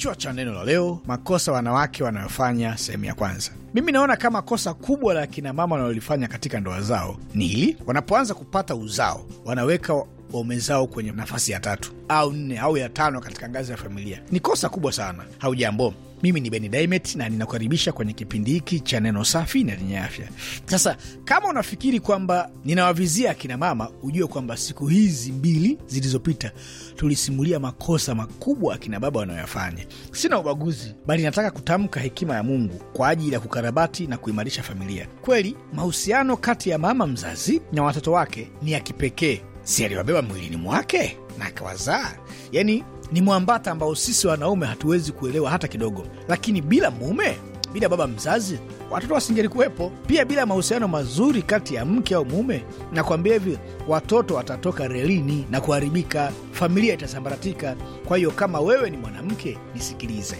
Kichwa cha neno la leo: makosa wanawake wanayofanya, sehemu ya kwanza. Mimi naona kama kosa kubwa la kinamama wanalolifanya katika ndoa zao ni hili wanapoanza kupata uzao, wanaweka waume zao kwenye nafasi ya tatu au nne au ya tano katika ngazi ya familia. Ni kosa kubwa sana. Haujambo? Mimi ni Beni Dimet na ninakukaribisha kwenye kipindi hiki cha neno safi na lenye afya. Sasa kama unafikiri kwamba ninawavizia akinamama, hujue kwamba siku hizi mbili zilizopita tulisimulia makosa makubwa akina baba wanayoyafanya. Sina ubaguzi, bali nataka kutamka hekima ya Mungu kwa ajili ya kukarabati na kuimarisha familia. Kweli mahusiano kati ya mama mzazi na watoto wake ni ya kipekee, si aliwabeba mwilini mwake na akawazaa, yani ni mwambata ambao sisi wanaume hatuwezi kuelewa hata kidogo, lakini bila mume, bila baba mzazi, watoto wasingelikuwepo. Pia bila mahusiano mazuri kati ya mke au mume, nakwambia hivi, watoto watatoka relini na kuharibika, familia itasambaratika. Kwa hiyo kama wewe ni mwanamke, nisikilize.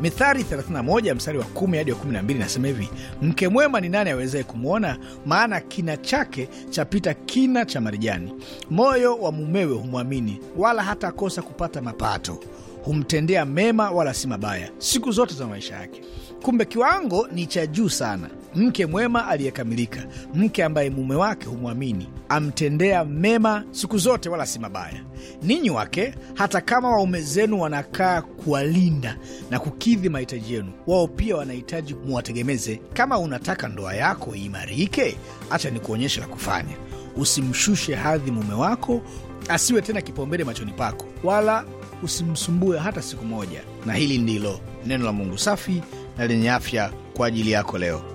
Mithali 31 mstari wa 10 hadi wa 12 nasema hivi, mke mwema ni nani awezaye kumwona? Maana kina chake chapita kina cha marijani. Moyo wa mumewe humwamini, wala hatakosa kupata mapato humtendea mema wala si mabaya siku zote za maisha yake. Kumbe kiwango ni cha juu sana. Mke mwema aliyekamilika, mke ambaye mume wake humwamini, amtendea mema siku zote wala si mabaya. Ninyi wake, hata kama waume zenu wanakaa kuwalinda na kukidhi mahitaji yenu, wao pia wanahitaji muwategemeze. Kama unataka ndoa yako iimarike, acha ni kuonyesha la kufanya. Usimshushe hadhi mume wako asiwe tena kipaumbele machoni pako, wala usimsumbue hata siku moja. Na hili ndilo neno la Mungu safi na lenye afya kwa ajili yako leo.